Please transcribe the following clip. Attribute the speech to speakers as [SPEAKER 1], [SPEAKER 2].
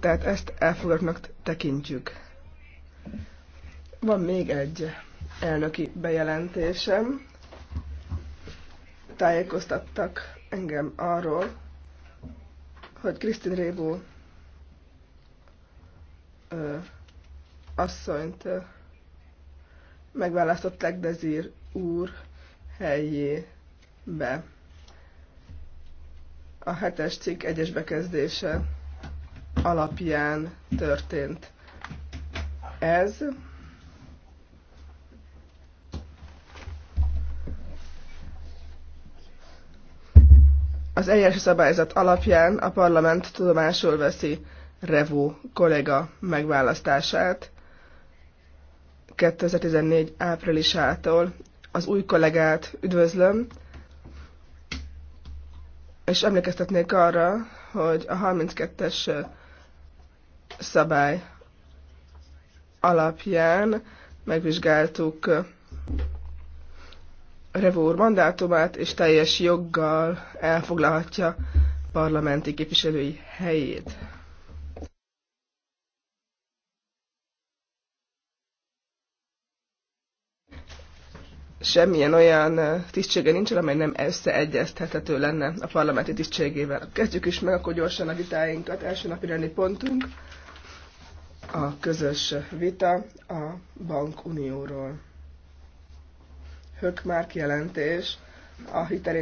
[SPEAKER 1] tehát ezt elfogadnak tekintjük. Van még egy elnöki bejelentésem. Tájékoztattak engem arról, hogy Krisztin Rébó ö, asszonyt ö, megválasztották Dezír úr helyébe. A hetes cikk egyes bekezdése alapján történt ez. Az egyes szabályzat alapján a parlament tudomásul veszi Revó kollega megválasztását 2014 áprilisától. Az új kollégát üdvözlöm, és emlékeztetnék arra, hogy a 32-es szabály alapján megvizsgáltuk Revór mandátumát, és teljes joggal elfoglalhatja parlamenti képviselői helyét. semmilyen olyan tisztsége nincsen, amely nem összeegyeztethető lenne a parlamenti tisztségével. Kezdjük is meg akkor gyorsan a vitáinkat. Első napi rendi pontunk közös vita a bankunióról. Hökmárk jelentés a hitelét